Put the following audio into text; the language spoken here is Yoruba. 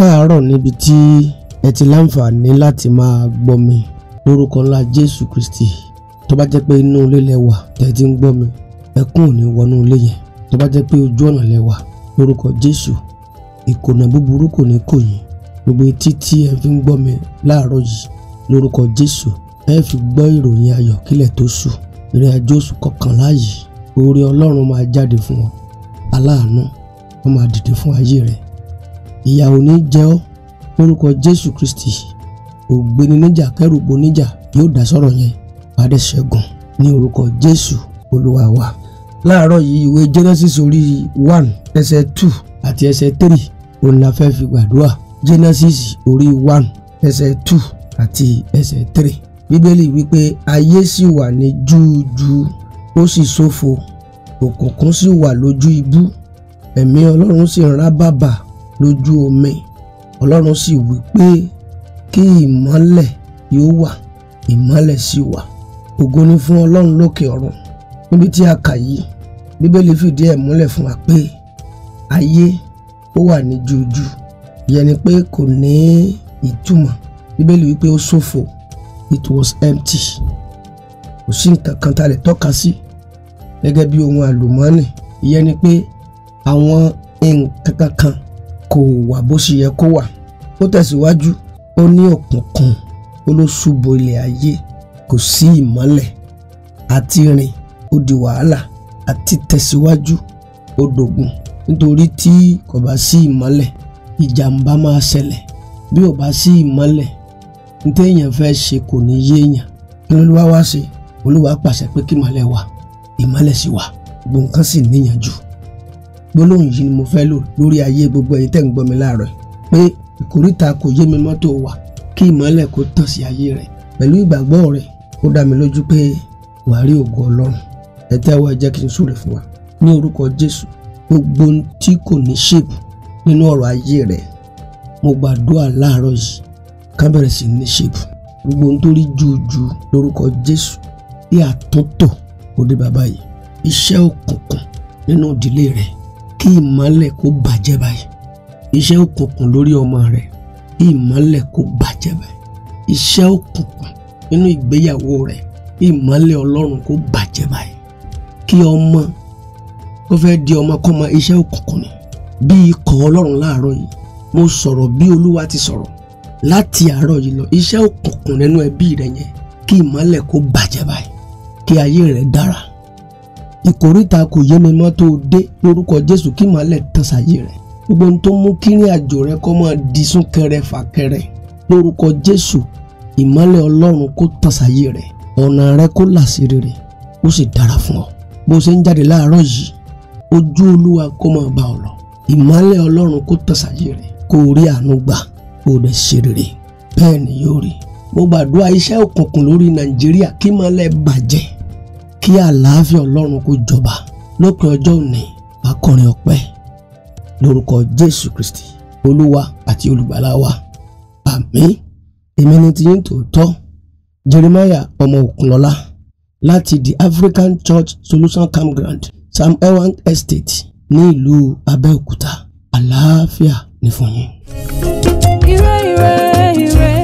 káàárọ̀ níbi tí ẹ ti láǹfààní láti máa gbọ́ mi lórúkọ ńlá Jésù Kristi tó bá jẹ́ pé inú ilé lẹ wà tẹ́ ti ń gbọ́ mi ẹkún ò ní wọnú ilé yẹn tó bá jẹ́ pé ojú ọ̀nà lẹ wà Jésù ìkònà búburú kò ní kò fi ń gbọ́ mi láàárọ̀ yìí lórúkọ Jésù ẹ fi gbọ́ ìròyìn ayọ̀ kílẹ̀ tó ìrìn àjò oṣù kọkànlá yìí oore ọ aláàánú wọn fún ayé rẹ̀ ìyà ò ní jẹ ọ́ lórúkọ jésù kristi ògbéni níjà kẹrùbù níjà yóò dá sọ̀rọ̀ yẹn pàdé ṣẹ́gun ní orúkọ jésù olúwa láàárọ̀ yìí ìwé genesis orí one ẹsẹ̀ two àti ẹsẹ̀ three òun la fẹ́ fi gbàdúrà genesis orí one ẹsẹ̀ two àti ẹsẹ̀ three bíbélì wípé ayé sì wà ní júújú ó sì ṣófo òkùnkùn sì wà lójú ibú ẹ̀mí ọlọ́run sì ń rábàbà lójú omi ọlọ́run sì wí pé kí ìmọ́lẹ̀ yóò wà ìmọ́lẹ̀ sì wà ògo ni fún ọlọ́run lókè ọ̀run níbi tí a kà yìí bíbélì fìdí ẹ̀ múlẹ̀ fún wa pé ayé ó wà ní jújú ìyẹn ni pé kò ní ìtumọ̀ bíbélì wípé ó ṣòfò it was empty kò sí nǹkan kan tá a lè tọ́ka sí gẹ́gẹ́ bí ohun àlùmọ́ọ́nì ìyẹn ni pé àwọn nǹkan kan kò wà bó ṣe yẹ kó wà ó tẹ̀síwájú ó ní òkùnkùn ó ló ṣubú ilẹ̀ ayé kò sí ìmọ́lẹ̀ àti rìn ó di wàhálà àti tẹ̀síwájú ó dògùn nítorí tí kò bá sí ìmọ́lẹ̀ ìjàmbá máa ṣẹlẹ̀ bí ò bá sí ìmọ́lẹ̀ ntẹ́yàn fẹ́ ṣe kò ní yéèyàn kí ló wá wá ṣe olúwa pàṣẹ pé kí ìmọ́lẹ̀ wà ìmọ́lẹ̀ sì wà gbòǹkan sì níyànjú gbólóhùn yìí ni mo fẹ́ lò lórí ayé gbogbo ẹ̀yin tẹ́ ń gbọ́ mi láàárọ̀ pé ìkóríta kò yé mi mọ́tò wà kí ìmọ́lẹ̀ kó tàn sí ayé rẹ̀ pẹ̀lú ìgbàgbọ́ rẹ̀ ó dá mi lójú pé wà á rí ògo ọlọ́run ẹ tẹ́wọ́ ẹ jẹ́ kí n súre fún wa ní orúkọ jésù gbogbo tí kò ní ṣèbù nínú ọ̀rọ̀ ayé rẹ̀ mo gbàdúrà láàárọ̀ yìí ká bẹ̀rẹ̀ sí ní ṣèbù gbogbo ohun tó rí jùjù lórúkọ jésù bí àtúntò kò bàbá yìí iṣẹ́ òkùnkùn nínú ìdílé rẹ̀ kí ìmọ́lẹ̀ kó bàjẹ́ báyìí iṣẹ́ òkùnkùn lórí ọmọ rẹ kí ìmọ́lẹ̀ kó bàjẹ́ báyìí iṣẹ́ òkùnkùn nínú ìgbéyàwó rẹ kí ìmọ́lẹ̀ ọlọ́run kó bàjẹ́ báyìí kí ọmọ kó fẹ́ di ọmọ kọ́mọ iṣẹ́ òkùnkùn ni bí ikọ̀ ọlọ́run láàárọ̀ yìí mo sọ̀rọ̀ bí olúwa ti sọ̀rọ̀ láti àárọ̀ yìí lọ iṣẹ́ òkùnkùn nínú ẹbí rẹ yẹn kí ìmọ́lẹ̀ kó bàjẹ́ báyìí kí ayé rẹ dára ìkóríta kò yé mi mọ́ tó dé lórúkọ Jésù kí màálẹ̀ tán sáyé rẹ̀ gbogbo ohun tó mú kí ìrìn àjò rẹ kó máa di súnkẹrẹ fàkẹrẹ lórúkọ Jésù ìmọ́lẹ̀ Ọlọ́run kó tàn sáyé rẹ ọ̀nà rẹ kó làṣírí rẹ ó sì dára fún ọ bó ṣe ń jáde láàárọ̀ yìí ojú Olúwa kó máa bá ọ lọ ìmọ́lẹ̀ Ọlọ́run kó tàn sáyé rẹ kó rí àánú gbà kó rẹ ṣe rere bẹ́ẹ̀ ni yóò rí mo gbàdúrà iṣẹ́ òkùnkùn lórí Nàìjíríà kí mọ́lẹ̀ bàjẹ́ kí àlàáfíà ọlọ́run kó jọba lópin ọjọ́ òní akọrin ọpẹ́ lórúkọ jésù kristi olúwa àti olùgbàlà wa àmín èmi ni ti yín tòótọ́ jeremiah ọmọ òkunlọ́lá láti the african church solution campground sam ewan estate ní ìlú abẹ́òkúta àlàáfíà ní fún yín. ire ire ire.